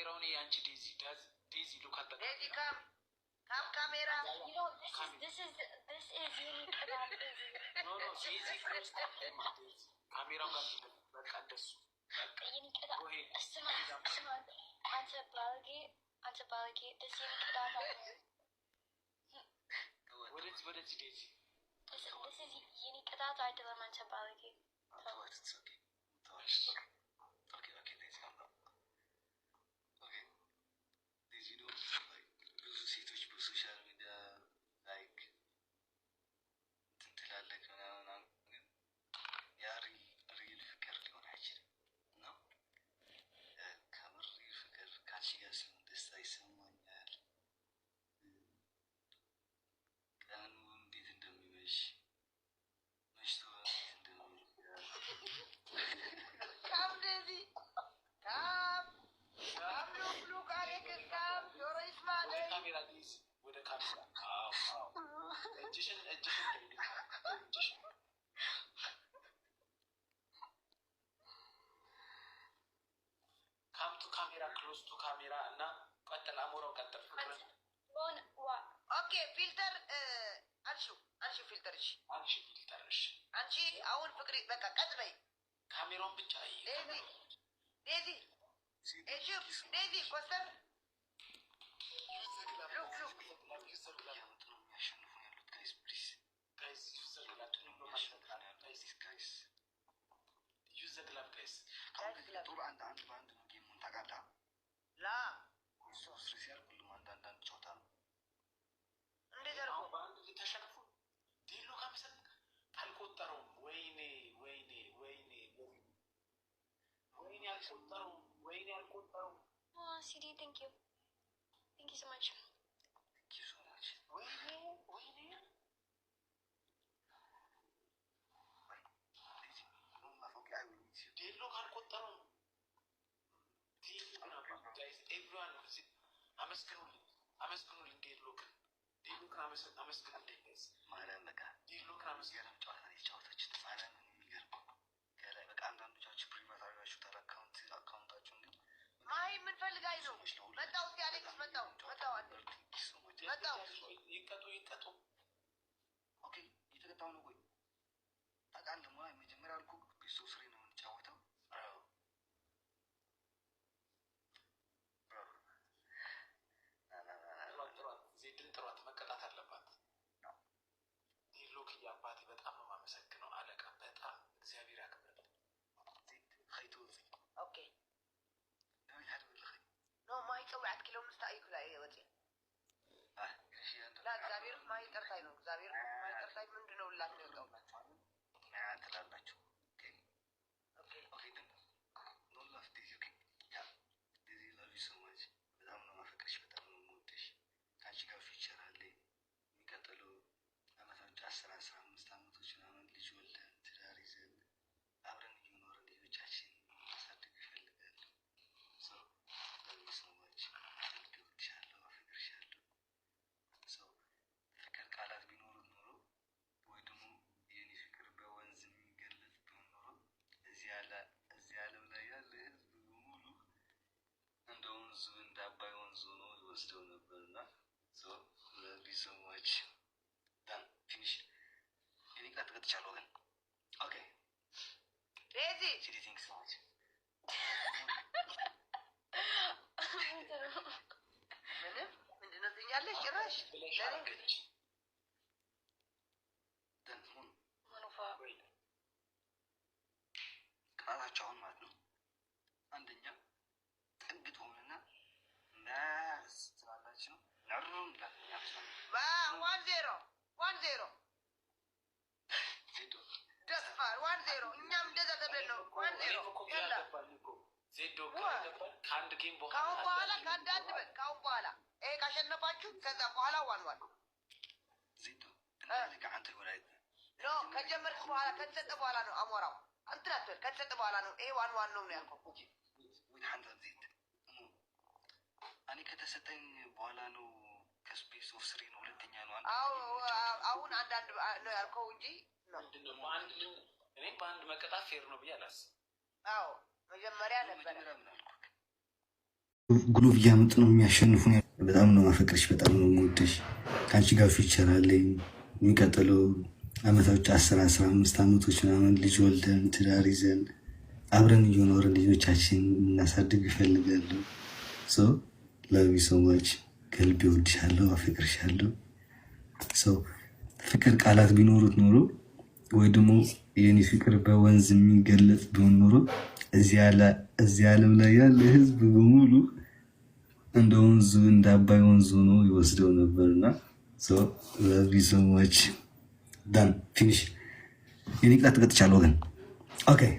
ካሜራውን የአንቺ ዴዚ ዴዚ ሉክ ካሜራው ጋር በቃ እንደሱ ወደዚህ ወደዚህ ዴዚ የኔ ቅጣት አይደለም አንተ ባለጌ ፕሊዝ ወደ ካሜራ እጅሽን እጅሽን እጅሽን ካምቱ ካሜራ ክሎዝ ቱ ካሜራ እና ቀጥል፣ አሞራው ቀጥል። ኦኬ ፊልተር ፊልተር፣ እሺ፣ ፊልተር፣ እሺ፣ አንቺ አሁን ፍቅሪ፣ በቃ ቀጥ በይ። ካሜራውን ብቻ ዴዚ ዴዚ ዴዚ ኮስተር ስሪ ሲያልቅ ሁሉም አንዳንዳንድ ጨዋታ ነው። እንዴት በአንድ ጊዜ ተሸንፎ አልቆጠረውም። ወይኔ ወይኔ ወይኔ ወይኔ አልቆጠረውም። ወይኔ አልቆጠረውም። ሲዲ አመስግኑልኝ፣ አመስግኑልኝ ዴድሎክን ዴድሎክን አመስግኑልኝ። ማርያም በቃ አንዳንዶቻችሁ አካውንታችሁ ነው መጣው መጣው መጣው መጣው ይቀጡ ይቀጡ። ኦኬ እየተቀጣው ነው። ቆይ ታውቃለህ፣ መጀመሪያ አልኩህ ክርስቶስ ሰብዓት ኪሎ ምስታ እዩ ክላ እየ ላ እግዚአብሔር ማይ ጠርታይ ነው። እግዚአብሔር ማይ ጠርታይ ምንድነው ላቸው ይወጣውላቸዋል ትላላቸው ዞኖ ይወስደው ነበር እና ለቢሰማች ትንሽ እኔ ቀጥ ቀጥ ቻለሁ ግን ኦኬ ምንም ምንድነው ትኛለሽ ጭራሽ ዋን ዜሮ ዋን ዜሮ ደፋር ዋን ዜሮ እኛም እንደዛ ተብለን ነው ዋን ዜሮ ካሁን በኋላ ከአንድ አንድ በል። ካሁን በኋላ ይሄ ካሸነፋችሁ ከዛ በኋላ ዋን ዋን ኖ ከጀመርክ በኋላ ከተሰጠ በኋላ ነው አሞራው እንትን አትበል። ከተሰጠ በኋላ ነው ይሄ ዋን ዋን ነው ያልከው እኔ ከተሰጠኝ በኋላ ነው ስፔስ ኦፍ ስሪ ነው። ሁለተኛ ነው። አሁን አንዳንድ ያልከው እንጂ እኔ በአንድ መቀጣት ፌር ነው ብዬ አላስብም። አዎ መጀመሪያ ነበረ ግሩፕ እያመጡ ነው የሚያሸንፉ። በጣም ነው ማፈቅርሽ፣ በጣም ነው የምወደሽ። ከአንቺ ጋር ፊቸር አለኝ። የሚቀጥለው አመታዎች አስር አስራ አምስት አመቶች ምናምን ልጅ ወልደን ትዳር ይዘን አብረን እየኖርን ልጆቻችን እናሳድግ ይፈልጋለሁ። ሶ ላቪ ሶ ማች ከልቤ ወድሻለሁ፣ አፈቅርሻለሁ። ሰው ፍቅር ቃላት ቢኖሩት ኖሮ ወይ ደግሞ የኔ ፍቅር በወንዝ የሚገለጽ ቢሆን ኖሮ እዚህ ዓለም ላይ ያለ ህዝብ በሙሉ እንደ ወንዙ እንደ አባይ ወንዙ ነው ይወስደው ነበርና ሰዎች ዳን ፊኒሽ የኔ ቅጣት ተቀጥቻለሁ ግን ኦኬ